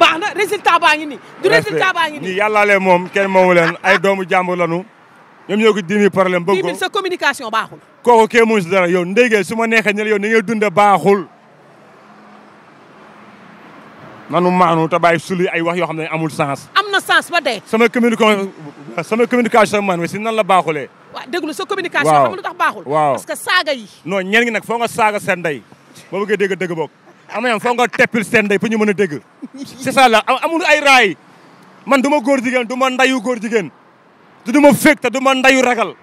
baax na résultat ngi nii ngi nii yàllaa leen moom kenn moomu leen ay doomu jàmbur lanu ñoom ñoo ko dix mille problème bëgg ko sa communication baaxul kooku kee mun si dara yow ndéygee su ma neexee ñel yoo ni ngay dunde baaxul nanu maanu te bàyyi ay wax yoo xam ne amul sens am na sens ba dee sama communication sa communication man wa si nan la baaxule waaw déglu sa communication xam tax baaxul waaw parce que saaga yi ñen ngi nag foo nga saaga seen ndey boo bëggee am na foog nga teppil seen ndey pour ñu mën a dégg c'est ça la amul ay raay man du ma góor jigéen du ma ndayu góor jigéen te du ma féeg te du ma ndayu ragal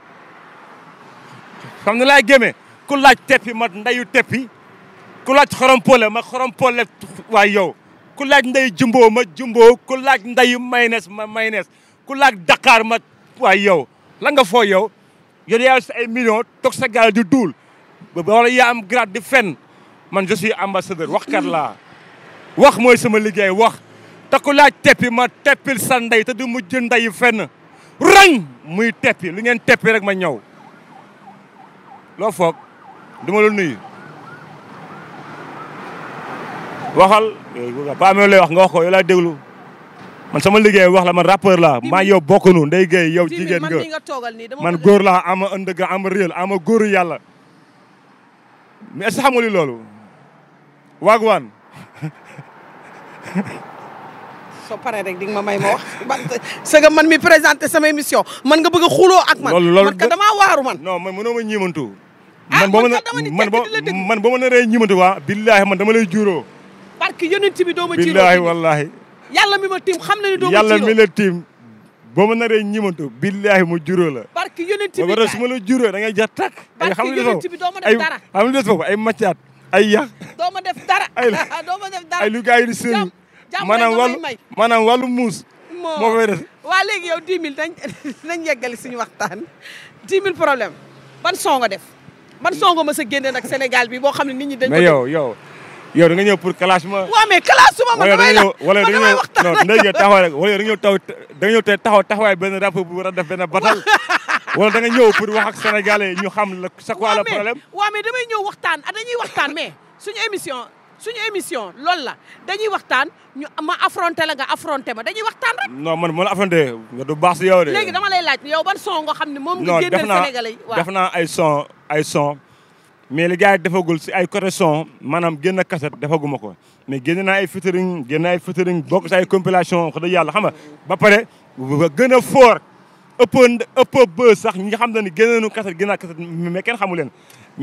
xam ne laay gémee ku laaj teppi ma ndayu teppi ku laaj xorom pole ma xorom pole waay yow ku laaj nday jumboo ma jumboo ku laaj ndayu maynes ma maynes ku laaj Dakar ma waay yow la nga foo yow yow yaa sa ay millions sa gaal di duul wala yaa am grade di fenn man je suis ambassadeur kat la wax moy sama liguey wax ta ko laaj teppi ma teppil sanday te du mujj nday fenn rang muy tepi, lu ngeen teppi rek ma ñew lo foog du ma la nuyu waxal me lay wax nga wax ko yow laa man sama liguey wax la man rappeur la ma yow ndey yow jigen nga man gor la ama ënd am ama am ama góoru yàlla mais Wagwan. soo paree rek di nga ma may ma wax sëga man mi présenté sama émission man nga bëgg a xuloo ak man. loolu man ka damaa waaru man. non man mënoo ma ñiimantu. man ah, boo man boo ma naree ñiimantu waa. billaahi man dama lay juróo. parce que yonent bi doo ma jiiroo billaahi wallaahi. yàlla mi ma tiim xam na ne doo ma jiiroo yàlla mi la tiim. boo ma naree ñimantu billaahi su ma la juróo da ngay jar tàkk. parce que yonent bi doo ma def dara ay xam nga des foofu ay maccaat ay yax doo ma def dara doo ma def dara ay lu gars yi di seen maanaam wàllu wàllu muus moo fay waa léegi yow 10 000 dañ nañ yeggali suñu waxtaan 10 000 problème ban son nga def ban son nga mës a génne nag Sénégal bi boo xam ne nit ñi dañ yow yow yow da nga ñëw pour clash ma. waaw mais clash ma ma damay la wala da nga ñëw non ndeyge taxawaay rek wala taxaw taxawaay benn rap bu war a def benn batal. wala da ñëw pour wax ak sénégalais ñu xam la c'est quoi le problème. waaw mais damay ñëw waxtaan ah, dañuy waxtaan mais suñu émission suñu émission loolu la dañuy waxtaan ñu ma affronté la nga affronté ma dañuy waxtaan rek. non man ma la affronté du baax si yow de. léegi dama lay laaj yow ban son nga xam ne moom nga génneel sénégalais yi waaw def naa ay son ay son. mais les gars yi si ay côté son ont cassette ko mais cassettes. na ay featuring ay featuring bokk ay compilation wax yalla xam nga ba paré a fort ëpp ëpp bë sax ñi nga xam ne ni des cassette Ils cassette mais kenn xamulen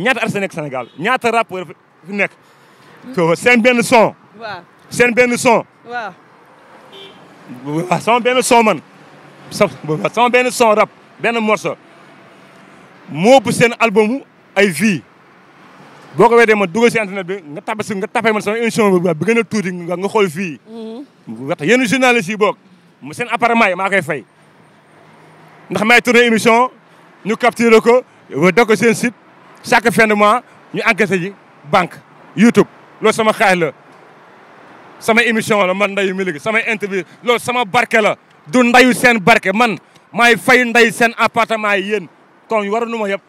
artiste nek Sénégal ñaata fi sen benn son wa sen benn son wa wa son benn son man son benn son rap benn morceau mo bu album ay vie boo ko weedee ma dugal si internet bi nga tapé si nga tape man sama émission bi bi gën a tuuti nga xool fii. wax mhm. yen journaliste yi boog seen appareil maa koy fay. ndax may tourné émission ñu capturé ko da ko seen site chaque fin de mois ñu enquêté ji banque YouTube loolu sama xaalis la. sama émission la man ndayu Miliki sama interview loolu sama barke la du ndayu seen barke man maay fay nday seen appartement yi yéen war waruñu ma yëpp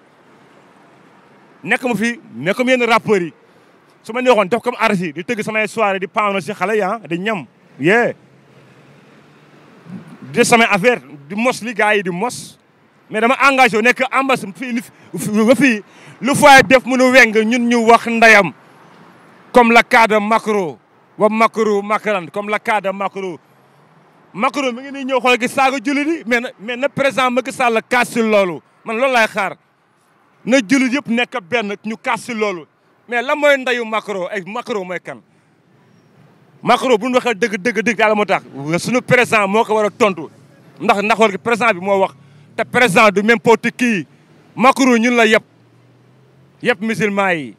nekk fi nekk comme yenn rappeurs yi su ma neexoon def comme artistes di tëgg samay soirée di paano si xale yi ah di ñam yee di def samay affaire di mos li gars yi di mos mais dama engagé wu nekk ambas fii ba fii lu fay def mënu weng ñun ñu wax ndayam comme la cas de Macron wa Macron Macron comme la cas de Macron Macron mi ngi nii ñëw xool gi saaga jullit yi mais mais na président Macky Sall kaas si loolu man loolu laay xaar na jullit yëpp nekk benn ñu kaas si loolu mais lan mooy ndayu Macron ay Macron mooy kan. Macron bu ñu waxee dëgg dëgg dëgg yàlla moo tax suñu président moo ko war a tontu ndax ndax président bi moo wax te président du n'importe kii Macron ñu la yëpp yëpp musulman yi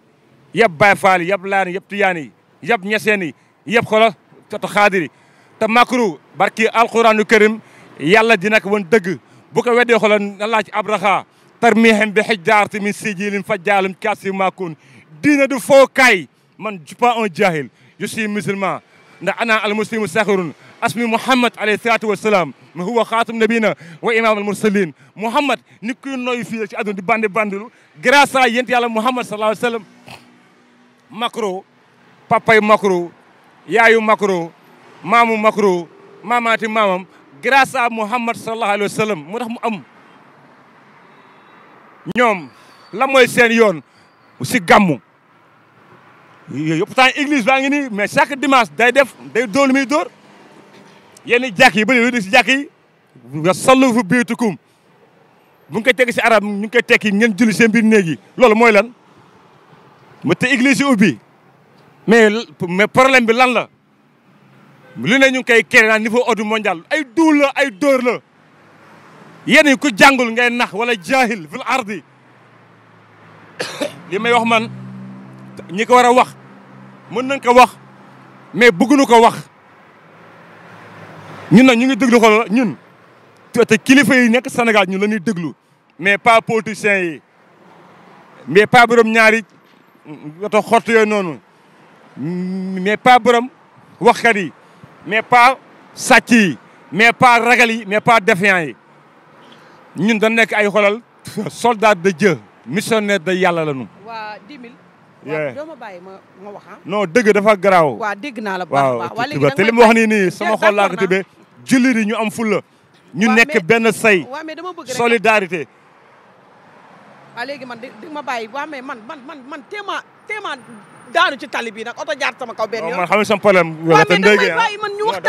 yëpp Baye Fall yi yëpp Laan yi yëpp Tijaan yi yëpp Ñaseen yi yëpp xolo toto xaadir yi te Macron barki alquranu karim yàlla dina ko woon dëgg bu ko weddee xoolal na laaj Abraha ترميهم بحجارتي من سجيل فجال كاسي ما كون دين دو فوكاي من جبا ان جاهل سي مسلمان أنا المسلم ساخر اسمي محمد عليه الصلاة والسلام ما هو خاتم نبينا وإمام المرسلين محمد نكوي نوي في أدون دي باندي باندلو غراسا ينت يالا محمد صلى الله عليه وسلم مكرو باباي مكرو يايو مكرو مامو مكرو ماماتي مامام غراسا محمد صلى الله عليه وسلم مو أم ñoom la mooy seen yoon si gàmmu yooyu pourtant église baa ngi ni mais chaque dimanche day def day dóor lu muy dóor yenn jàkk yi bëri lu di si jàkk yi nga sallu fu biitukum bu ngi koy tekki si arab ñu ngi koy tekki ngeen julli seen biir néeg yi loolu mooy lan mu te église yi ubbi mais mais problème bi lan la lu ne ñu ngi koy kere naa niveau ordre mondial ay duul ay dóor la yéen ku jàngul ngay nax wala jaahil fil ardi li may wax man ñi ko war a wax mën nañ ko wax mais bëgguñu ko wax ñun na ñu ngi déglu ñun te kilifa yi nekk Sénégal ñun la ñuy déglu mais pas politiciens yi mais pa borom ñaari oto xott yooyu noonu mais pas borom waxkat yi mais pas sàcc yi mais pas ragal yi mais pas défiant yi ñun dañ nekk ay xolal soldat da Dieu missionnaire de yàlla la ñu. waa 10 000. waaw ma bàyyi ma wax ah. non dëgg dafa garaaw. waa dëgg naa la bu baax te li mu wax nii nii sama xol jullit yi ñu am fulla ñu nekk benn say. solidarité. waaw léegi man di ma bàyyi waaw mais man man man man téema téema daanu ci tali bi nag oto jaar sama kaw benn yoon. man xam nga sama problème. waaw mais ah. man ñu xam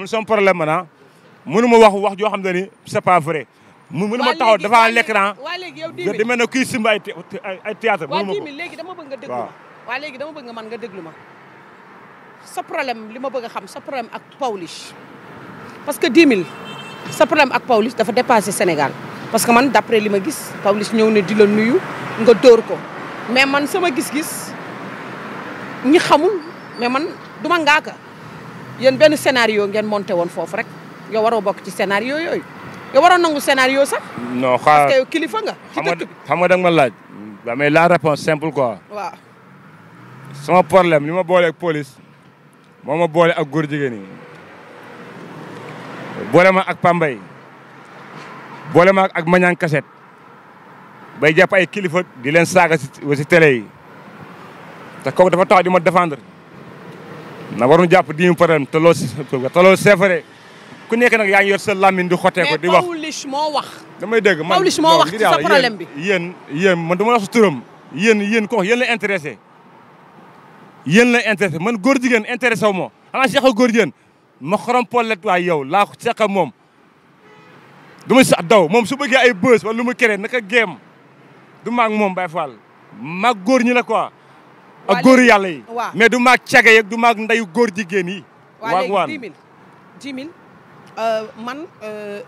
nga sama problème man ah. Je wax wax ni c'est pas vrai. Je l'écran di ne pas ay théâtre ma dama bëgg que tu Je dama bëgg problème ce bëgg problème avec Sénégal. parce que 10 000 sa problème ak dafa dépassé Sénégal parce que man d'après li gis ñëw di la nuyu nga mais man sama gis-gis ñi xamul mais man duma scénario monté yow waroo bokk ci scénario yooyu yow waroo nangu scénario sax. non xaaral parce que kilifa nga. ci xam nga da nga ma laaj. waaw mais la réponse simple quoi. waaw. sama problème li ma booleeg police mooma boole ak góor jigéen yi boole ma ak Pambay boole ma ak Mañaan Kaset bay jàpp ay kilifa di leen saaga si si télé yi te dafa tax di ma défendre na waruñu jàpp di ñu problème te loo si ku nekk nag yaa ngi yor sa lamine di xotee ko di wax mais Pawlish moo wax. damay dégg ma Pawlish moo wax ci sa problème yéen yéen man dama wax su turam. yéen yéen ko wax la intéressé yéen la intéressé man góor jigéen intéressé wu ma xanaa seqa góor jigéen ma xorom pollet yow laa seqa moom. du ma daw moom su bëggee ay bës wala lu mu kere naka géem du maag moom Baye Fall maag góor ñi la quoi. ak góor yàlla yi. mais du maag caga yeeg du maag ndeyu góor jigéen yi. waaw léegi 10 000 Euh, man euh,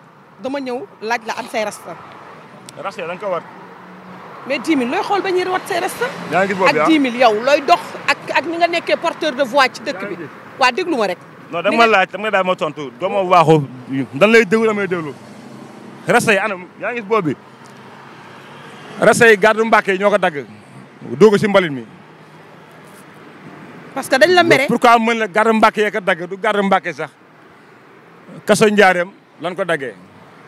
dama ñëw laaj la am say rasta. rasta da nga ko war. mais 10 000 looy xool ba ñuy wat say rasta. yaa ngi gis boobu ak 10 000 yow looy dox ak ak ni nga nekkee porteur de voix ci dëkk bi. waa déglu ma rek. non dama laaj dama daal ma tontu doo ma waaxu. dan lay déglu may déglu. rasay yi anam yaa ngi gis boobu bi rasta garde Mbàkke ñoo ko dagg. doo si mbalit mi. parce que dañ la mere. pourquoi mën la garde Mbàkke yee ko dagg du garde Mbàkke sax. kaso njaareem lan ko daggee.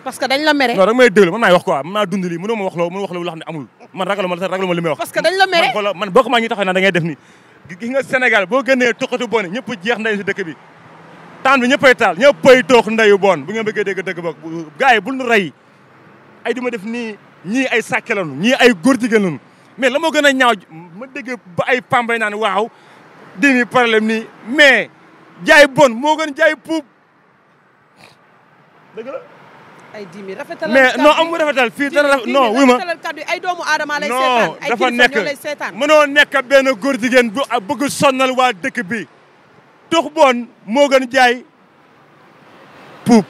parce que dañ la mere. non rek may déglu mën naa wax quoi mën naa dund lii mënoo ma wax loo mënoo wax loo xam ne amul man ragaluma ragaluma li may wax. parce dañ la man bokk maa ngi taxaw na da def ni gis nga Sénégal boo génnee tuqatu bon ñëpp jeex nday si dëkk bi taan bi ñëppay taal ñëppay toox ndayu bon bu ngeen bëggee dégg dëgg ba gars yi nu rey ay di ma def nii ñii ay sàkke ñii ay góor jigéen lanu mais la ma gën a ña ma dégg ba ay pambay naan waaw dimi problème nii mais jaay bon moo gën jaay puub dëgg la. ay diimi rafetalal rafetal fii dara non wuy ma ay doomu aadama lay seetaan ay dafa nekk mënoo nekk benn góor jigéen bu bëgg sonnal waa dëkk bi tux boon moo gën jaay puub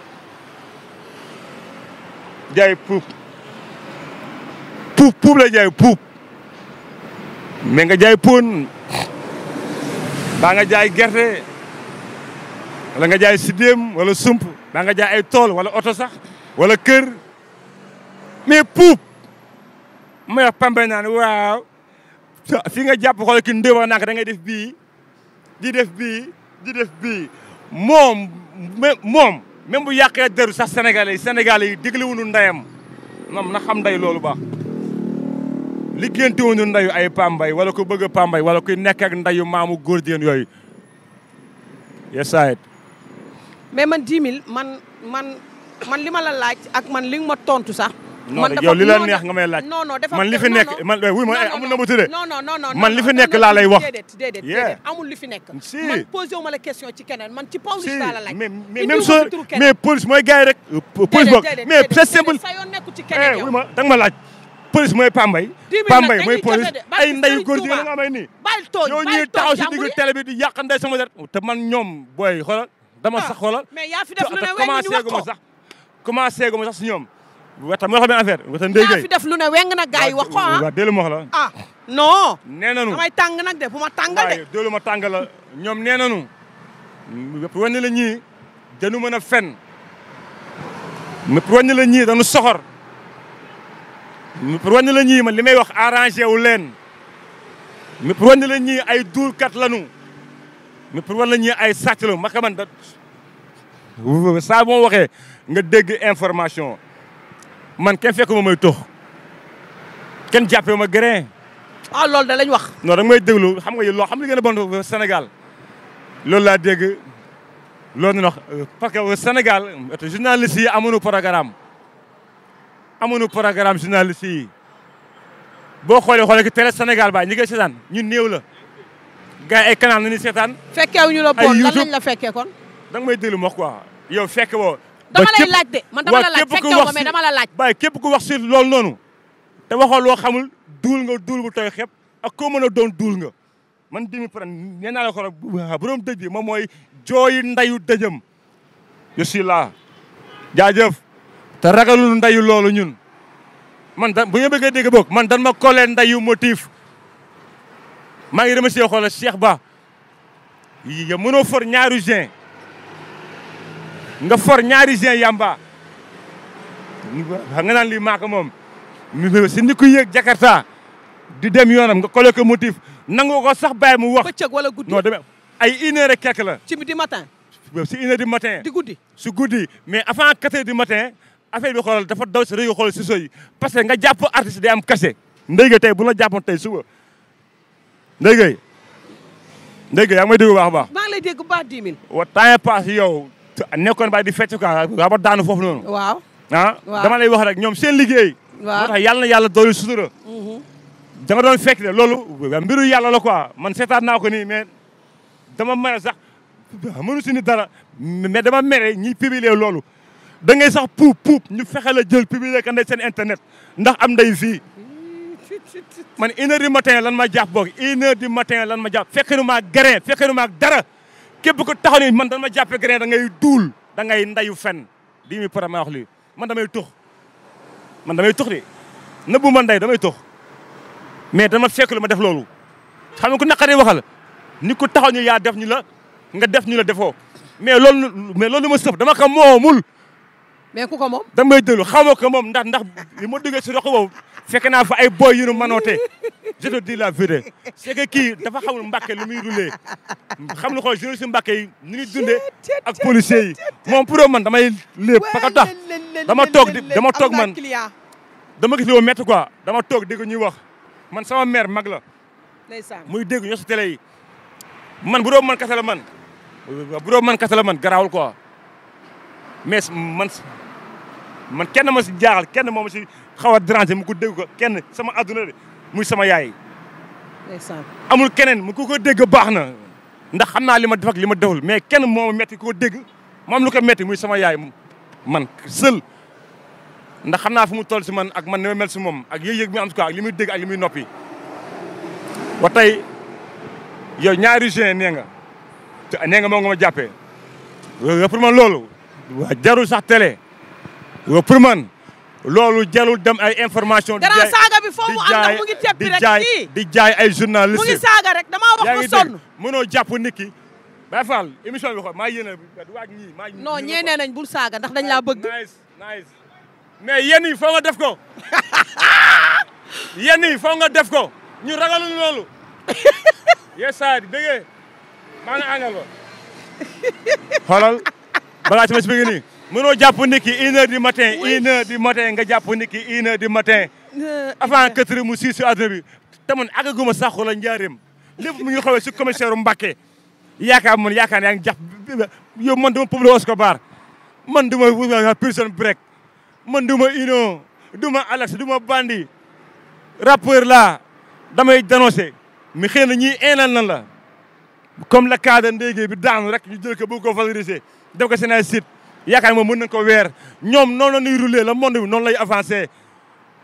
jaay puub puub la jaay puub mais nga jaay poon baa nga jaay gerte wala nga jaay sidéem wala sump daa nga jaay ay tool wala oto sax wala kër mais puub ma wax pambay naan waaw fi nga jàpp xool ki ndéwa nak da ngay def bii di def bii di def bii moom moom même bu yàqee deru sax sénégalais yi sénégalais yi dégluwuñu ndeyam nam na xam ndey loolu baax liggéeyante wuñu ndeyu ay pambay wala ko bëgg pambay wala kuy nekk ak maamu góor jigéen yooyu yes mais man 10 000 man man man li ma la laaj ak man li nga ma tontu sax. man yow li la neex nga may laaj. man li nekk man ma amul na bu man li fi nekk laa lay wax. déedéet déedéet déedéet fi nekk. si man posé wu ma la question ci keneen man ci police laa la laaj. mais même soo mais police mooy gars yi rek. Euh, police boobu mais c'est simple. sa yoon nekku ci keneen eh, yow wuy di yàq ndey sama der. ñoom booy xoolal dama ah, sax xoolal mais yaa fi def lu ne commencé gu ma sax commencé gu ma sax si ñoom weta ma wax benn def lu ne weng na gars yi wax ko ah waaw dellu ma wax la ah non nee nañu nag de bu ma tàngal de dellu ma tàngal la ñoom nee nañu wane la ñii dañu mën a fen wane la ñii dañu soxor wane la ñii man li may wax arrangé wu leen wane la ñii ay duulkat lañu mais pour wala ñi ay sàcc la ma xamante saa boo waxee nga dégg information man kenn fekk ma may tox kenn jàppee ma grain. ah loolu da lañ wax. non da may déglu xam nga loo xam li gën a bon Sénégal loolu laa dégg loolu nox euh, parce que Sénégal euh, journaliste yi amuñu programme amuñu programme journaliste yi boo xoolee xoolee télé Sénégal ba ñi ngi seetaan ñu néew la. gars ay canal nañu seetaan. fekkewuñu la bon lan lañ la fekkee kon. danga may déglu wax ko yow fekke woo. dama lay laaj de man dama la laaj fekkewu ma mais dama laaj. waaye képp ku wax si loolu noonu te waxoo loo xamul duul nga duul bu tooy xepp ak koo mën a doon duul nga man dimi pare nee naa la ko borom dëj bi moom mooy jooyu ndayu dëjëm. je suis là jaajëf te ragalul ndayu loolu ñun man da bu ñu bëggee dégg boog man dan ma collé ndayu motif. maa ngi remercier xoolal Cheikh Ba ya mëno for ñaaru jeen nga for ñaari jeen yamba xam nga naan lii maaka moom si ci niku yéeg Jakarta di dem yonam nga ko ko motif nangu ko sax bay mu wax. bëccëg wala guddi non dem ay 1h et quelque la. ci midi matin. ci 1h du matin. di guddi su guddi mais avant quatre heures du matin affaire bi xoolal dafa daw ci reuy xol ci soy parce que nga japp artiste di am cachet. ndey ga tay bu la jàppoon tay suba. Ndeye Gueye Ndeye Gueye yaa may dégg bu baax a baax. maa ngi lay dégg bu baax 10 000. wa temps pass yow nekkoon ba di fecc quoi ba daanu foofu noonu. waaw ah dama lay wax rek ñoom seen liggéey. waaw moo tax yàlla na yàlla doolu sutura. Mm-hmm. danga doon fekk de loolu mbiru yàlla la quoi man seetaan naa ko nii mais dama mere sax mënu si ni dara mais dama mere ñi publier loolu da ngay sax puub puub ñu fexe la jël publier ka ne seen internet ndax am nday fii. man une heure du matin lan ma jàpp boog une heure du lan ma jàpp fekke nu maa grain fekke nu maa dara képp ku taxaw ni man dan ma jàppe grain da ngay duul da ngay ndayu fen di mi para ma wax lii man damay tux man damay tux de nëbbu ma nday damay tux mais dama fekk lu ma def loolu xam nga ku naqaree waxal ni ku taxaw ñu yaa def ñu la nga def ñu la defoo mais loolu mais loolu ma sëf dama ko moomul mais ku ko moom damay déglu xamoo ko moom ndax ndax li ma duggee si roq boobu fekk naa fa ay boy yu nu manoote je te dis la vérité c'est kii dafa xamul mbàkke lu muy rouler xam lu ko journaliste mbàkke yi ni ñuy dunde ak policiers yi moom pour man damay lépp parce dama toog di dama toog man dama gis loo métti quoi dama toog dégg ñuy wax man sama mère mag la muy dégg ñoo si télé yi man bu doon man kese la man bu doon man kese man garaawul quoi mais man man kenn ma si jaaxal kenn moom si xaw a déranger mu ko dégg kenn sama adduna de muy sama yaay. amul keneen mu ko ko dégg baax na ndax xam naa li ma def ak li ma deful mais kenn moo metti koo dégg moom lu ko metti muy sama yaay man sël ndax xam naa fu mu toll si man ak man ni ma mel si moom ak yëg-yëg mi am ak li muy dégg ak li muy noppi ba tey ñaari juin nee nga te nee nga moo jàppee pour man loolu waa jarul sax télé waa man loolu jarul dem ay information di saaga bi foofu mu ànd mu rek kii di jaay ay journaliste mu ngi rek damaa wax mu sonn mënoo jàpp nit ki émission bi xool maa yéene waaj ñii nañ bul saaga ndax dañ laa bëgg nice ma mais yéen yi foo nga def ko yéen yi foo nga def ko ñu ragalul loolu yes saa di nga àngal ko mënoo jàpp ni ki une heure du matin une nga jàpp ni ki une heure a matin avant quatre heures mu sii si àdduna bi te man àggaguma saxu la njaareem lépp mu ngi xawee si commissaire Mbacke yaakaar man yaakaar yaa ngi jàpp yow man duma Pablo Escobar man duma Prison Break man duma Ino duma Alex duma Bandi rappeur laa damay dénoncé mi xëy na ñii eenal la comme le cas de Ndeye Gueye bi daanu rek ñu jël ko bu ko valoriser def ko seen ay site yaakaar moom mën nañ ko weer ñoom noonu la ñuy rouler la monde bi noonu lay avancé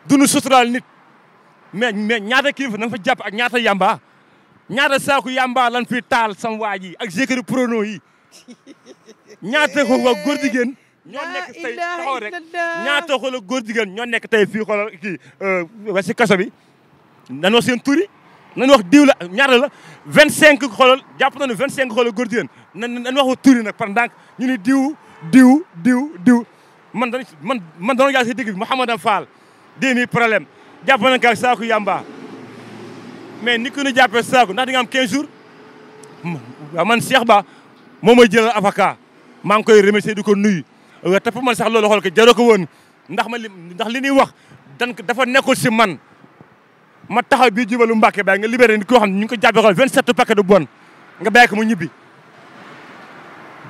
duñu suturaal nit mais mais ñaata kilif na nga fa jàpp ak ñaata yamba ñaata saaku yamba lan fi taal sam waa ji ak jëkkëri prono yi ñaata ko waa góor jigéen ñoo nekk tey taxaw rek ñaata ko góor jigéen ñoo nekk tey fii xoolal kii wa euh, si kaso bi nan wax seen turi nan wax diw la ñaata la vingt cinq xoolal jàpp nañu vingt cinq xoolal góor jigéen nan nan waxu turi nag par ndànk ñu diw diw diw diw man dañ man man dañoo jaar si digg bi Mouhamada Fall dix mille problème jàpp nañ ko ak saaku yamba mais ni ku ñu jàppee saaku ndax di nga am 15 jours waaw man Cheikh Ba moo may jëlal avocat maa ngi koy remercier di ko nuyu te pour man sax loolu xool ko jaroo ko woon ndax ma li ndax li ñuy wax dan dafa nekkul si man ma taxaw bii jubalu Mbàkke baay nga libéré nit koo xam ne ñu ngi ko jàppee xool 27 paquet de bon nga bàyyi ko mu ñibbi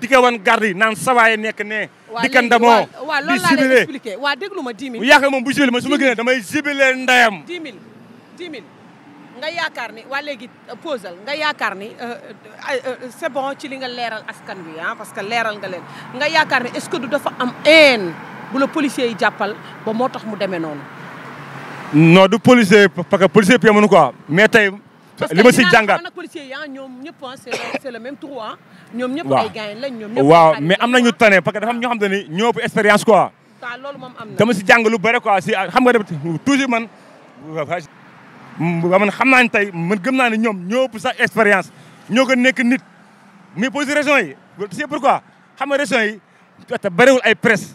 di ko wan garde yi naan sawaay nekk ne di kan damoo waaw loolu laa lay déglu ma dix mille yaakaar moom bu jibile man su ma gënee damay jibile ndayam dix mille nga yaakaar ni waa léegi euh, posal nga yaakaar ni euh, euh, c'est bon ci li nga leeral askan wi ah parce que leeral nga leen nga yaakaar ni est-ce que du dafa am haine bu la policier yi jàppal ba moo tax mu demee noonu noo du policier parce que policier pie mënu quoi mais tey li ma si jàngaat ah, ah, ah. waaw waaw mais am nañu tane parce que dafa am ñoo xam te ni ñoo ëpp expérience quoi. dama si jàng lu bëri quoi si xam nga def toujours man. man xam naa ne tey man gëm naa ne ñoom ñoo ëpp sax expérience ñoo gën nekk nit. mais pour ces raisons yi c'est pourquoi xam nga raisons yi te bëriwul ay presse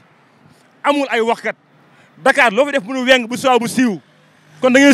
amul ay waxkat Dakar loo fi def mënu weng bu soow bu siiw kon da ngay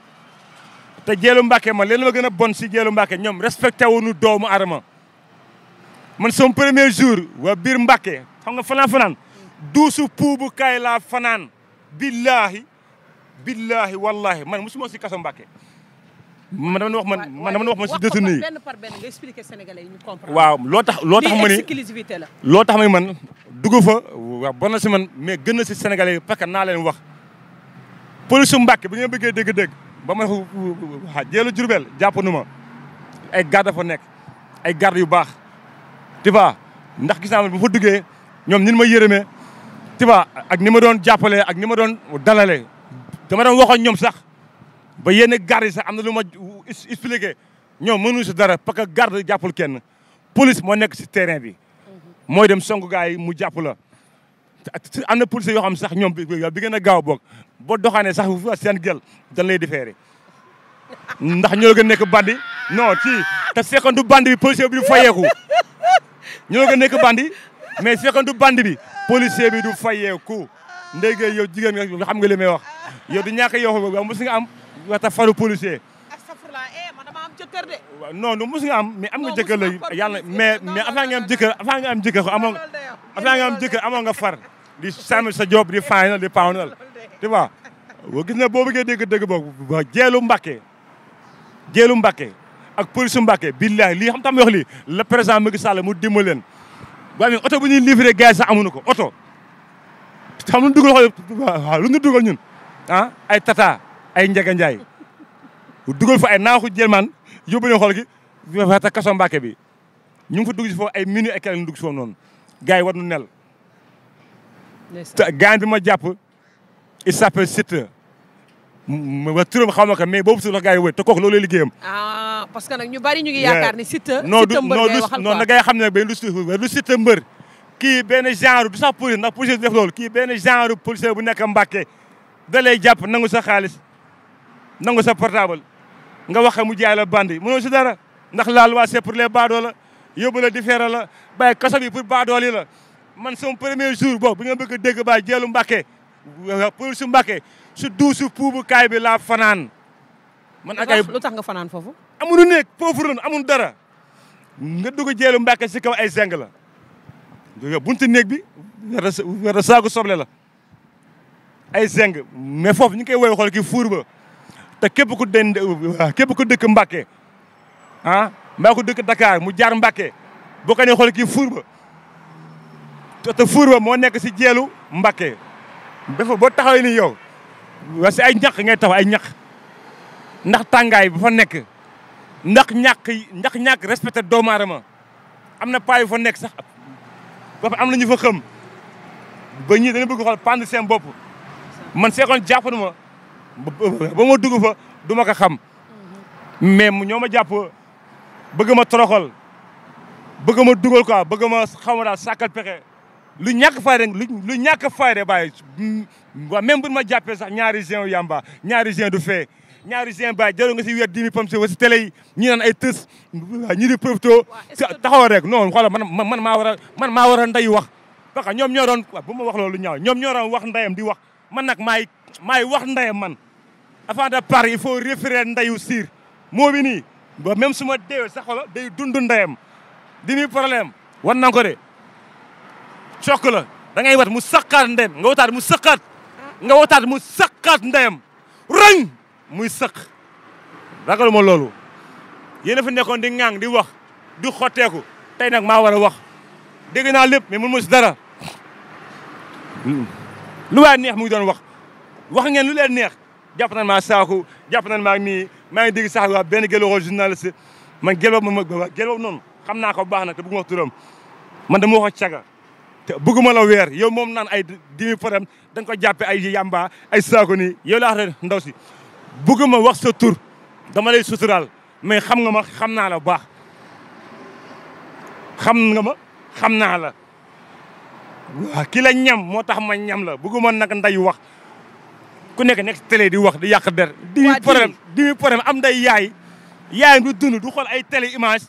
te Jéelu mbake man leen ma gën a bon si Jéelu Mbàkke ñoom respecté wuñu doomu adama man sama premier jour waa biir mbake xam nga fanaan fanaan duusu puubu kaay laa fanaan billaahi billaahi wallaahi man musuma si kaso Mbàkke man dama wax man ma dama wax man si détenu yi benn par benn nga expliquer sénégalais yi ñu comprendre waaw loo tax loo tax ma ni exclusivité loo tax ma man dugg fa waaw bon na si man mais gën na si sénégalais yi parce que naa leen wax police Mbàkke bu ñu bëggee dégg-dégg ba ma wax jéelu Jurbel jàpp nu ma ay garde fa nekk ay garde yu baax tiba ndax gis naa bu fa duggee ñoom nin ma yërëmee tiba ak ni ma doon jàppalee ak ni ma doon dalalee dama doon waxoon ñoom sax ba yenn garde yi sax am na lu ma expliqué ñoom mënuñu si dara parce que garde jàppul kenn police moo nekk si terrain bi mhm. mooy dem songu gars yi mu jàpp la am na policiers yoo xam sax ñoom bi gën a gaaw boog boo doxaanee sax seen gel dañ lay defeere ndax ñoo gën nekk bandi no ci te fekkoon du bandi bi policier bi du fayeeku ñoo gën nekk bandi mais fekkoon du bandi bi policier bi du fayeeku ndéygéey yow jigéen nga xam nga li may wax yow du ñàkk yow mos nga am waxta faru policier eh, non non mos nga am mais am nga jëkkër la yàlla mais mais avant nga am jëkkër avant nga am a nga am jëkkër amoon nga far di sànni sa job di faynal di pawnal tu vois boo gis na boo bëggee dégg dëgg boobu jeelu mbake jeelu Mbàkke ak police Mbàkke billahi lii xam tam wax lii le président Macky Sall mu dimbali leen waaye oto bu ñuy livré gars sax amuñu ko oto xam lu dugal lu ñu dugal ñun ah, ay tata ay Njaga Njaay dugal fa ay naaxu jëlmaan yóbbu leen xool gi fa ta kaso Mbàkke bi ñu ngi fa dugg ay minu ay kele ñu dugg si foofu gars yi war nu nel gaan bi ma jàpp il s'appelle Siteu wa turam xam na ko mais boobu su la gars yi wër te kooku loolu lay liggéeyam ah parce ñu bari ñu ngi na gars yi xam ne ba lu lu mbër kii benn genre du sax police ndax police def loolu kii benn genre policier bu nekk Mbàkke da lay jàpp nangu sa xaalis nangu sa portable nga wax mu jaay la bandi mënoo si dara ndax laal waa c'est pour les badoo yóbbu la di feera la bàyyi kaso bi pour baadool la man sama premier jour boobu bi nga bëgg a dégg bàyyi jeelu Mbàkke pour su Mbàkke su duusu puubu kaay bi laa fanaan man ak ay lu tax nga fanaan foofu amuñu nekk pauvre amuñu dara nga dugg jeelu Mbàkke si kaw ay zeng la bunti néeg bi wera saaku soble la ay zeng mais foofu ñu koy woy xool ki fuur ba te képp ku den képp ku dëkk Mbàkke ah, maa ko dëkk Dakar mu jaar mbake boo ko nee xool kii Fourba te ba moo nekk si jeelu mbake dafa boo taxawee ni yow wa si ay ñax ngay taxaw ay ñax ndax tàngaay bu fa nekk ndax ñàkk ndax ñàkk respecté doomu am na paa yu fa nekk sax ba am na ñu fa xëm ba ñii dañu bëgg xool pendre seen bopp man seekoon jàpp na ma ba ma dugg fa du ma ko xam mm-hmm. mais ñoo ma jàpp bëgg ma toroxal bëgg ma dugal quoi bëgg ma xaw ma daal sàkkal pexe lu ñàkk fayda lu ñàkk fayda bàyyi waaw même bu ma jàppee sax ñaari gen yamba ñaari gen du fee ñaari gen bàyyi jarul nga si wér dix mille pam si wa si télé yi ñu naan ay tës ñi di profito taxaw rek non xoolal man maa war a man maa war a nday wax parce que ñoom ñoo doon bu ma wax lu ñaaw ñoom ñoo doon wax ndayam di wax man nag maay maay wax ndayam man avant de parler il faut référer ndayu siir moo ba même suma ma deewee sax wala day dund ndeyam di muy problème wan na ko de cokk la da wat mu saqaat ndeyam nga wataat mu saqaat nga wataat mu saqaat ndeyam rëñ muy sëq ragal ma loolu yéen a fi nekkoon di ŋaang di wax di xotteeku tey nag maa war a wax dégg naa lépp mais mun ma dara lu waay neex mu ngi doon wax wax ngeen lu leen neex jàpp nañ maa saaku jàpp nañ maa nii may ngi dégg sax wa ben gel waxoo journaliste man gel boobu gelo gel boobu noonu xam ko baxna te bu ngox turam man dama wax ciaga te buguma la wer yow mom nan ay dimi faram dang ko jappé ay yamba ay sako ni yow la wax ndaw si buguma wax sa tur dama lay sutural may xam nga ma xamna la bax xam nga ma xamna la wa ki la ñam motax ma ñam la buguma nak nday wax ku nek nek télé di wax di yak der di problème di problème am day yaay yaay du dund du xol ay télé image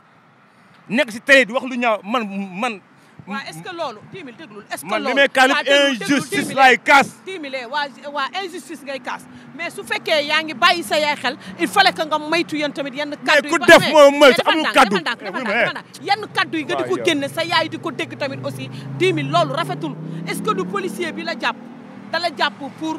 nek ci télé di wax lu ñaaw man man wa est-ce que lolu timil mille est-ce que lolu man limay may injustice lay kaas timilé wa wa injustice ngay kaas mais su fekkee yaa ngi bàyyi sa yaay xel il fallait que nga maytu yeen tamit yenn cadeau yi ku def meul moytu amul cadeau eh. yenn cadeau yi nga diko genn sa yaay diko deg tamit aussi timil lolu rafetul est-ce que du policier bi la japp da la japp pour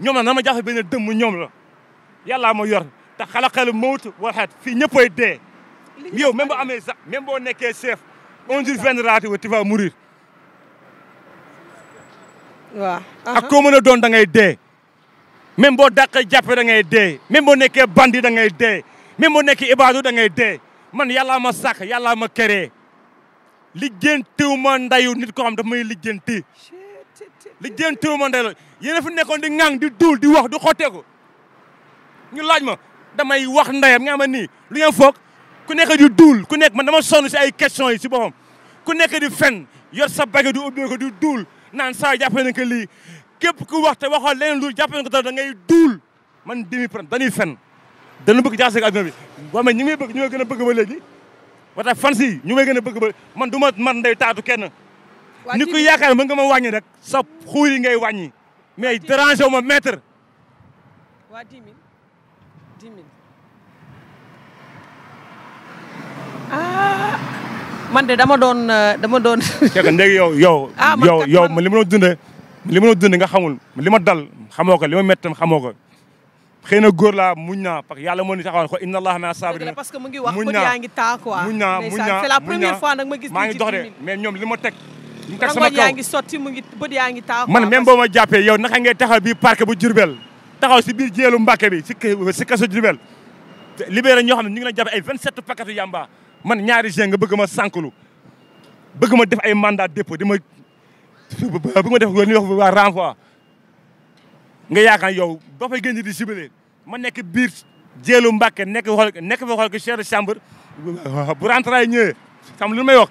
ñoom na na ma jaxase benn dëmm ñoom la yàllaa ma yor te xalaxel mawut waxaat fii ñëppay dee yow même boo amee sax même boo nekkee chef un jour vingt raté wa tu vas mourir waaw koo mën doon da ngay dee même boo dàqee jàppe da ngay dee même boo nekkee bandi dangay ngay dee même boo nekkee ibaadu da ngay dee man yàllaa ma sàkk yàllaa ma keree lijjantiw ma ndayu nit ko xam daf may lijjanti li den tuuma mo ndelo yene a fi di ngang di dul di wax du xotteeku ñu laaj ma damay wax ndayam nga ma ni lu ngeen fokk ku nekk di dul, ku nekk man dama sonu ci ay question yi ci bopam ku nekk di fen yor sa bagge du ubbe ko di dul nan sa jappé na que lii képp ku wax te waxal leen lu jàppee ko da ngay dul man demi pren dañuy fen dañu bëgg jaxase ak adduna bi waa mais ñu ngi bëgg ñu gëna bëgg ba légui wata fan ñu ngi gëna bëgg ba man du man ndey taatu kenn nit ku yaakaar mën nga ma wàññi rek sa xuur yi ngay wàññi mais déranger ma maître. waa dix mille ah, dama doon euh, dama doon. fekk yow yow. ah yow yow li ma doon dundee li ma doon dundee nga xamul li ma dal ko li ma métti xamoo ko. xëy na góor laa muñ naa parce que yàlla moo ko inna allaha ma sabirina parce que ngi wax ko yaa ngi taa quoi muñ naa ma gis maa ngi dox de mais ñoom li ma teg mu teg sama kaw yaa ngi sotti mu ngi man même boo ma jàppee yow naka ngay taxaw biir parc bu Diourbel taxaw si biir jéelu Mbàkke bi si si kaso Diourbel libéré ñoo xam ne ñu ngi la jàppe ay 27 paquetu yamba man ñaari jeune nga bëgg ma sànklu bëgg ma def ay mandat dépôt di ma bëgg def ni wax waa renvoi nga yaakaar yow ba fay génn di sibile ma nekk biir jéelu Mbàkke nekk xool nekk fa xool ko chef de chambre bu rentrée ñëwee xam lu may wax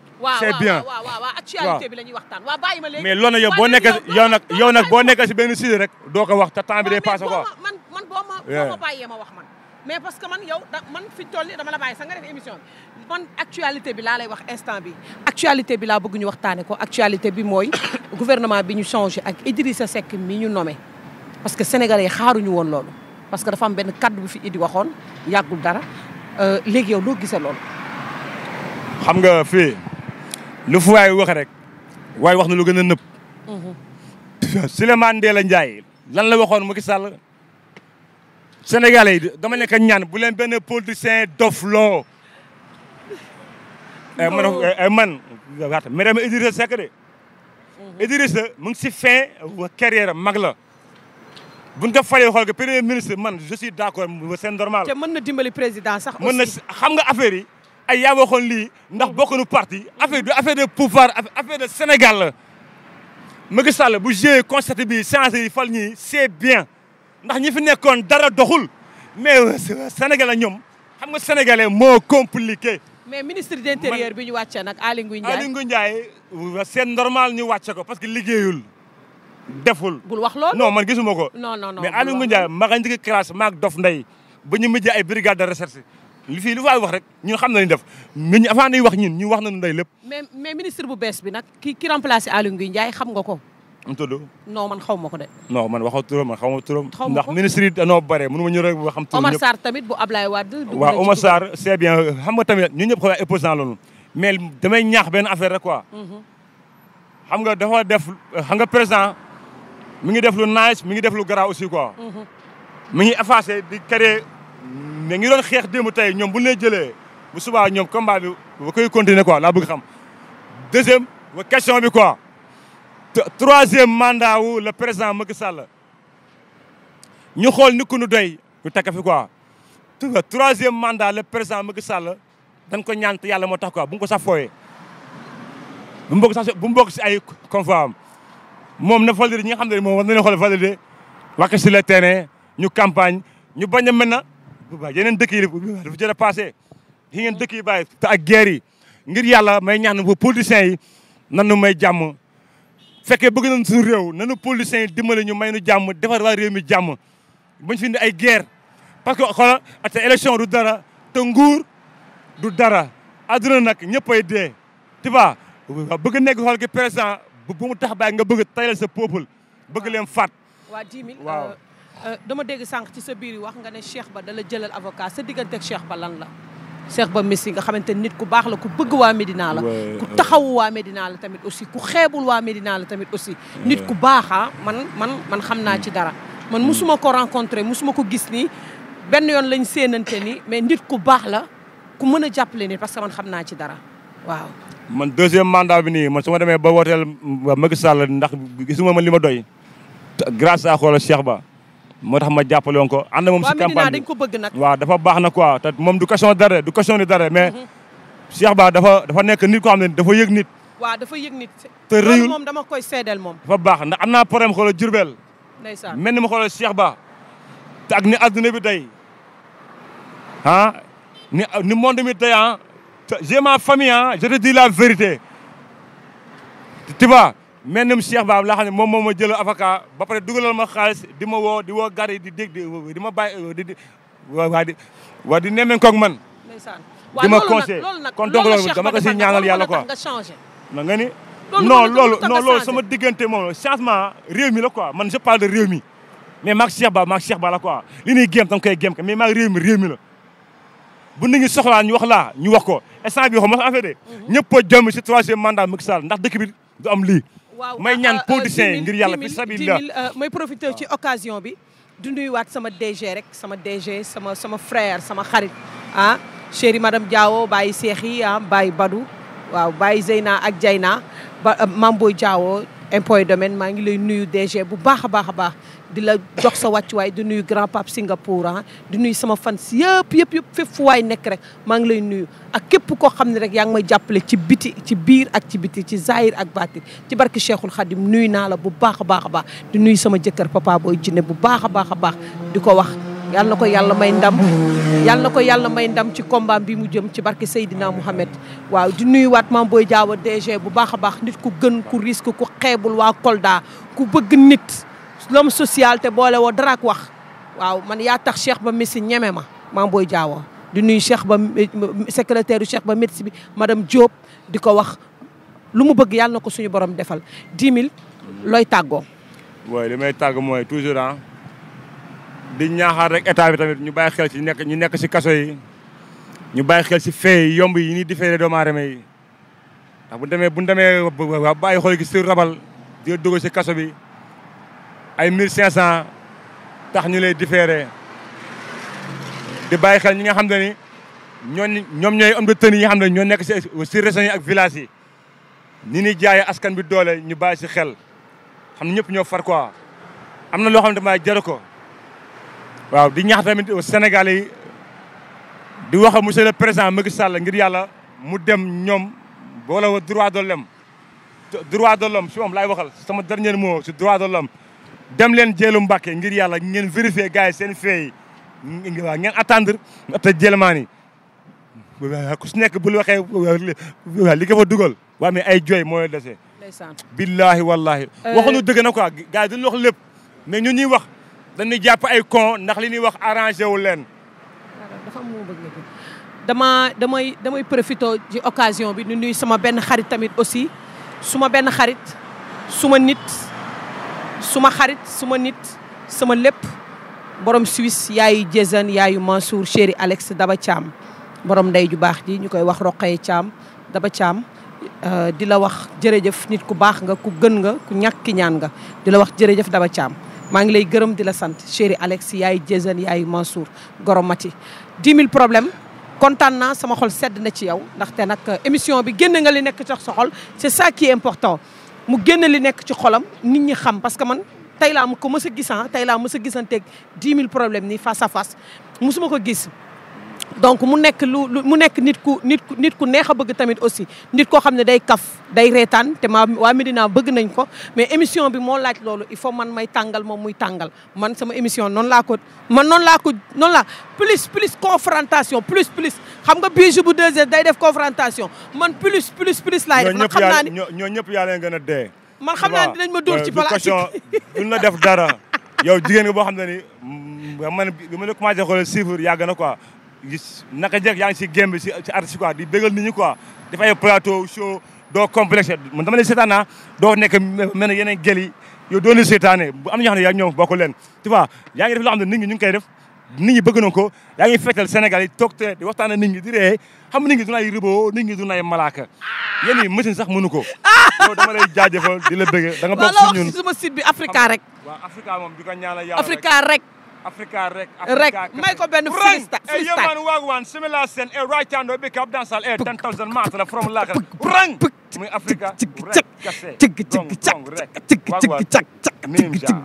c'est bien mais loolu nag yow boo yow nag yow nag boo nekkee si benn side rek doo ko wax te temps bi passé quoi. man man boo ma boo ma wax man. mais parce que man yow man fi tolli dama la baye sa nga def émission bi man actualité bi la lay wax instant bi actualité bi la bëgg ñu waxtane ko actualité bi moy gouvernement bi ñu changé ak Idrissa Seck mi ñu nommé parce que sénégalais ñu won loolu parce que dafa am ben cadre bu fi Idi waxone yagul dara euh, légui yow do gissé loolu. xam nga fi lu fu waay wax rek waaye wax na lu gën a nëb. Mhm. Souleymane Ndéla njaay lan la waxoon Macky Sall Sénégalais yi dama nekk ñaan bu leen benn politicien dof loo. Eh, man eh, eh, man waat mais dama Idrissa Seck de. Mhm. Idrissa mu ngi si fin carrière mag la. bu ñu ko falee xool que premier ministre man je suis d'accord c'est normal. te mën na dimbali président sax aussi mën na xam nga affaire yi. Il y a lii parti affaire affaire de pouvoir affaire de Sénégal Je bu constaté bi c'est bien ndax ñi mais euh, euh, Sénégalais xam nga sénégalais compliqué. mais ministre de l'intérieur bi euh, c'est normal parce que les deful. non man non non mais classe dof ndey ñu brigade de recherche. li fii lu faay wax rek ñun xam nañu def ñun avant ñuy wax ñun ñu wax nañu ndey lépp. mais ministre bu bees bi nag ki ki remplacé Aliou Ngouille xam nga ko. mu tudd. non man xaw ma ko de. non man waxoo turam man xaw ma turam. ndax ministre yi bare mënu ma ñu rek xam. turam ñëpp Omar Sarr tamit bu Ablaye Wade. waaw Omar Sarr c'est bien xam nga tamit ñun ñëpp xoolal opposant loolu mais damay ñaax benn affaire rek quoi. Mhm. xam nga def xam nga président mi ngi def lu nice mi ngi def lu garaaw aussi quoi. Mhm. mi ngi effacé di créer. mais ngi doon xeex démb tey ñoom bu ñu lay jëlee bu subaa ñoom combat bi ba koy continuer quoi laa bëgg xam deuxième wa question bi quoi troisième mandat wu le président Macky Sall ñu xool ni ku nu doy ñu takk fi quoi tu vois troisième mandat le président Macky Sall dañ ko ñaan te yàlla moo tax quoi bu ko sax fooyee bu mu bokk sax bu mu bokk si ay conform am moom na valider ñi nga xam ne moom war na leen xool de wax si le terrain ñu campagne ñu bañ a mën na waaw yeneen dëkk yi dafa jot a passé yi ngeen dëkk yi bàyyi te ak guerre yi ngir yàlla may ñaan ba politiciens yi nanu may jàmm fekkee bëgg nañ suñu réew nanu politiciens yi dimbali ñu may nu jàmm defar waa réew mi jàmm bañ fi ndi ay guerre parce que a ate élection du dara te nguur du dara adduna nag ñëppay dee tu vois bëgg nekk xool ki président bu mu tax bàyyi nga bëgg tayal sa peuple bëgg leen faat waaw euh, Euh, dama dégg sànq ci sa biir wax nga ne Cheikh Ba dala jëlal avocat sa diggante ak Cheikh Ba lan la. Cheikh Ba Messi nga xamante nit ku baax la ku bëgg waa Médina la. ku taxawu waa Médina la tamit aussi ku xeebul waa Médina la tamit aussi. nit ku baax ah, man man man xam naa ci mm. dara. man musuma ko rencontré musuma ko gis nii benn yoon lañ séenante ni mais nit ku baax la ku mën a jàppale ni parce que man xam naa ci dara waaw. man deuxième mandat bi nii man su ma demee ba wooteel Macky Sall ndax gisuma man li ma doy grâce à xoolal Cheikh moo tax ma jàppale woon ko ànd moom si campagne dañ ko bëgg nag waaw dafa baax na ko te moom du question dara du question ni dara mais mhm. Cheikh Ba dafa nekk nit ko xam ne dafa yëg nit waaw dafa yëg nit te moom dama koy seedeel moom dafa baax ndax am naa problème xoolal Jurbel ndeysaan mel ni ma xoolal Cheikh Ba te ak ni adduna bi tey ah ni ni monde mi tey ah j'ai ma famille te dis la vérité tu vois mel ni Cheikh Baab laa xam ne moom moo ma jël avocat ba pare dugalal ma xaalis di ma woo di woo gare yi di dégg di ma bàyyi euh, di di waa di waa di nemmeen koog man. ndeysaan waaw loolu nag kon donc loolu dama ko si ñaanal yàlla quoi na nga ni. non loolu non sama diggante moom changement réew mi la quoi man je parle de réew mi. mais maag Cheikh Ba maag Cheikh Ba la li ñuy gém tam koy gém mais maag réew mi réew mi la. bu nit ñi ñu wax laa ñu wax ko instant bi ma nga de. Mhm. ñëpp a jëm si troisième mandat Macky ndax dëkk bi lii. may ñaan ah, ah, politicien ngir yàlla fi sabilillah euh, may profiter ci occasion bi du nuyuwaat sama DG rek sama DG sama sama frère sama xarit ah chéri madame Diawo bàyyi Seex yi ah bàyyi Badou waaw bàyyi Zeyna ak Jayna ba euh, Mamboy Diawo impôt domaine maa ngi lay nuyu DG bu baax a baax a baax di la jox sa waay di nuyu grand pape Singapour ah di nuyu sama fans yëpp yëpp yëpp fépp fu waay nekk rek maa ngi lay nuyu ak képp koo xam ne rek yaa ngi may jàppale ci biti ci biir ak ci biti ci zahir ak baatin ci barki Cheikhul Khadim nuyu naa la bu baax a baax a baax di nuyu sama jëkkër papa booy jinne bu baax a baax a baax di ko wax yàlla na ko yàlla may ndam yàlla na ko yàlla may ndam ci combat bi mu jëm ci barke Seydina Mouhamed waaw di nuyu maam booy jaaw a DG bu a baax nit ku gën ku risque ku xeebul waa Kolda ku bëgg nit l'homme social te boole woo dara ak wax waaw man yaa tax Cheikh Ba Messi ñeme ma Mame Boye Diao di nuy Cheikh Ba secrétaire Cheikh Ba Messi bi madame Diop di ko wax lu mu bëgg yàlla na ko suñu borom defal 10 000 looy tàggoo. waaye lu may tàgg mooy toujours ah di ñaaxaar rek état bi tamit ñu bàyyi xel ci nekk ñu nekk si kaso yi ñu bàyyi xel si fee yomb yi ñuy différé doomu aadama yi ndax bu demee bu demee bàyyi xool si rabal di dugg si kaso bi. ay 1500 tax ñu lay différé di bàyyi xel ñi nga xam ne ni ñooñu ñoom ñooy am de tenue yi nga xam ne ñoo nekk si si régions yi ak villages yi. ni ni jaay askan bi doole ñu bàyyi si xel xam ne ñëpp ñoo far quoi am na loo xam ne damaa jaru ko waaw di ñaax tamit Sénégal yi di wax ak monsieur le président Macky ngir yàlla mu dem ñoom wala droit de l'homme droit de l'homme si moom lay waxal sama dernier moo si droit de l'homme dem leen jéelu Mbàkke ngir yàlla ngeen vérifier gars yi seen fee yi waaw ngeen attendre te jëlmaan yi ku si nekk bul waxee li ko fa dugal waa mais ay jooy mooy dese ndeysaan billaahi wallaahi euh. waxuñu dëgg na quoi gars yi dañu wax lépp mais ñun ñuy wax dañuy jàpp ay con ndax li ñuy wax arrangé wu leen dafa dama damay damay profité ci occasion bi nu nuy sama benn xarit tamit aussi suma benn xarit suma nit suma xarit suma nit sama lepp borom Suisse yaay Jézane yaay Mansour chéri Alex Daba cham. borom ndey ju baax ji ñu wax Roqaye cham Daba cham. Euh, dila la wax jerejeuf nit ku bax nga ku gën nga ku ñak ñaan nga dila la wax jerejeuf Daba cham. ma ngi lay gërëm dila sante chéri Alex yaay Jézane yaay Mansour Gorom Mati 10 problèmes kontaan naa sama xol sedd na ci yow ndaxte nag euh, émission bi génn nga li nekk sax sa xol c'est ça qui est important mu le li ci xolam nit ñi xam parce que man tay la mu ko mësa a ah, problèmes face à face donc mu nekk lu mu nit ku nit ku nit ku neex a bëgg tamit aussi nit koo xam ne day kaf day reetaan te ma waa Médina bëgg nañ ko mais émission bi moo laaj loolu il faut man may tàngal moom muy tàngal man sama émission noonu laa ko man noonu laa ko noonu laa plus plus confrontation plus plus xam nga bijou bu 2S day def confrontation man plus plus plus laay def man xam naa ni ñoo ñëpp yaa leen gën a dee man xam naa ni dinañ ma dóor ci plastique euh, duñ la def dara yow jigéen nga boo xam ne ni mm, man bi ma la commencé xool chiffre yàgg na quoi gis naka jekk yaa ngi si gém bi si si artiste quoi di bégal nit ñi quoi def plateau show doo complexe man dama ne seetaan doo nekk mel yeneen gel yi yow seetaane bu na ñoo yaa ñoom bokk leen tu yaa ngi def loo xam ne nit ñi def nit ñi ko yaa ngi fettal Sénégal yi toog di waxtaan nit di ree xam nit ñi du ay riboo nit ñi malaaka yéen yi sax mënu ko ah! dama la bëgg da nga bokk si ñun sama site bi Africa Africa rek Africa rek. rek may ko benn freestyle. rang e yeman wagwan similar sen e rajtando ɓe kab dansal e ten thousand matala from lakal rang muy africa rek kase dong dong rek wagwan mim ja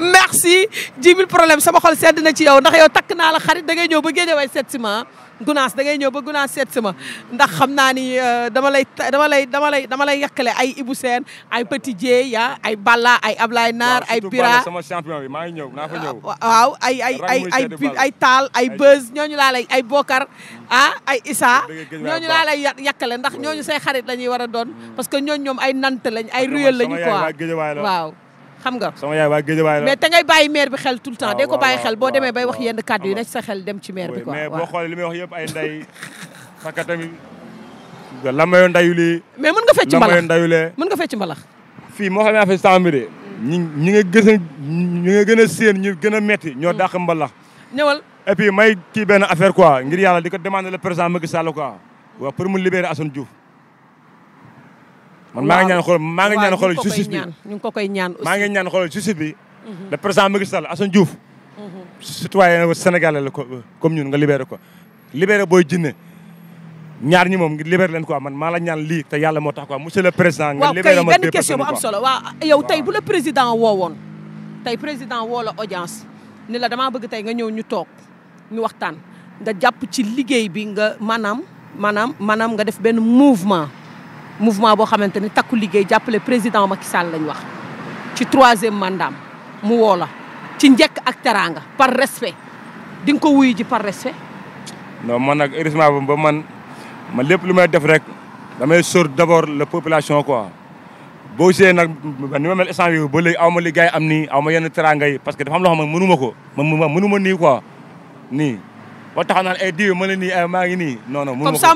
merci 10 000 problème sama xol sedd na ci yow ndax yow takk naa la xarit da ngay ñëw ba géej waay seet si ma gunaas da ngay ñëw ba gunaas seet si ma ndax xam naa ni euh, dama lay dama lay dama lay dama lay yàqale ay Ibou Sène ay Petit Dieye ya ay Balla ay Ablaye Naar ay Bira sama champion bi maa ngi ñëw naa fa ñëw ah, waaw ay ay ay ay Taal ay Beuz ñooñu laa lay ay Bokar ah ay Issa ñooñu laa lay yàqale ndax ñooñu say xarit la ñuy war a doon parce que ñooñu ñoom ay nant lañ ay ruyal lañu quoi waaw xam nga sama yaay waa géej waay la mais te ngay bàyyi maire bi xel tout le temps ah, de ko bàyyi xel boo demee bay wax yenn kàddu yi na ci sa xel dem ci maire bi quoi mais boo xoolee li may wax yëpp ay nday faka tamit lamayo ndayu mais mën nga fecc mbalax lamayo fii moo xam ne affaire sàmm de ñi ñi nga gën a ñi nga gën a séen ñu gën a metti ñoo mm. daax mbalax ñëwal et puis may kii benn affaire quoi ngir yàlla di ko demander le président Macky Sall quoi waaw pour mu libérer asoon Diouf man maa ngi ñaan xool maa ngi ñaan xool justice bi ñu ngi ko koy ñaan maa ngi ñaan xool justice bi mhm. le président Macky Sall Assane Diouf mhm. citoyen sénégalais la ko comme ñun nga libéré ko libere booy jinne ñaar ñi moom ngi libéré leen ko man maa la ñaan lii te yàlla moo tax quoi monsieur le président nga libéré ma benn question bu am solo waaw yow tey bu la président woon tey président woo la audience ni la damaa bëgg tey nga ñëw ñu toog ñu waxtaan nga jàpp ci liggéey bi nga maanaam maanaam maanaam nga def benn mouvement mouvement boo xamante ni takku liggéey jàppale président ma Sall lañ wax ci troisième mandat mu woo la ci njëkk ak teraanga par respect di nga ko wuyu ji par respect. non man nag heureusement ba man ma lépp lu may def rek damay sóor d'abord la population quoi boo gisee nag ni ma mel instant bii ba léegi aw ma li am nii aw ma yenn teraanga yi parce que dafa am loo ma ne ko ma ko man mënu ma nii quoi nii. ba taxaw naan ay eh, diw ma la nii ay eh, maa ngi nii non non. mënu ah,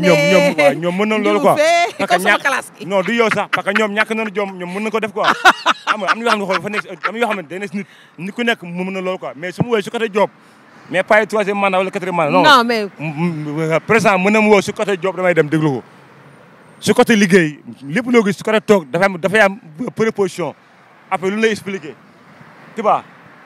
ñoom ñoom ñoom mën nañu loolu quoi. parce que ñàkk non du yow sax parce que ñoom ñàkk nañu jom ñoom mën na ko def quoi. xam nga am na yoo xam ne fa nekk am na yoo xam ne day nekk nit nit ku nekk mu mën na loolu quoi mais su ma woowee su côté job mais pas ay troisième mandat wala quatrième mandat. non non mais. mu euh, woo su côté job damay dem déglu su côté liggéey lépp loo gis su côté toog dafa am dafay am préposition après lu lay expliquer tu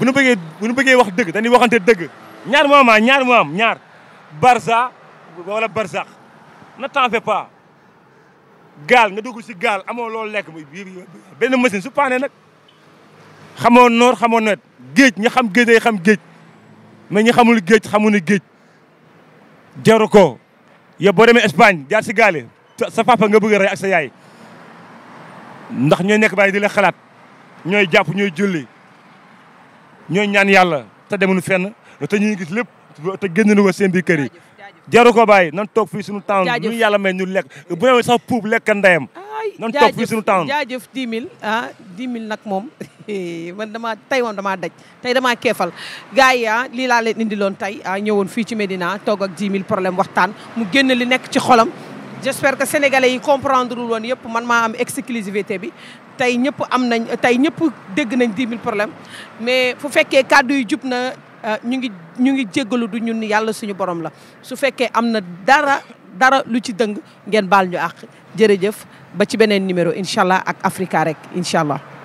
bu nu bëggee bu nu wax dëgg dañuy waxante dëgg ñaar moo am ah, ñaar moo ñaar Barça wala Barsax ne t'en fais gaal nga dugg si gaal amoo lool lekk muy benn machine su paanee nag xamoo noor xamoo nawet géej ñi xam géej day xam géej mais ñi xamul géej xamuñu géej jaru ko yow boo demee Espagne jaar si gaal yi sa papa nga bëgg a rey ak sa yaay ndax ñooy nekk bàyyi di xalaat ñooy jàpp ñooy julli Nous ñaan yàlla te demuñu fenn te ñu gis lépp te seen bi kër yi. jaru ko nan suñu Nous ñu yalla may ñu lek bu rew sax ndayam nan tok fi suñu taan jaajëf nous ah Nous nak mom man dama tay dama daj tay dama gaay yi ah, li la leen sommes ah, fi ci Medina tok ak 10000 problème waxtaan mu li nek ci xolam. j'espère que sénégalais yi comprendre man exclusivité bi tey ñëpp am nañ tey ñëpp dégg nañ 10 000 problèmes mais fu fekkee kàddu yu jub na euh, ñu ngi ñu ngi jéggalu du ñu ni yàlla suñu borom la su fekkee am na dara dara lu ci dëng ngeen baal ñu àq jërëjëf ba ci beneen numéro incha allah ak Africa rek incha allah.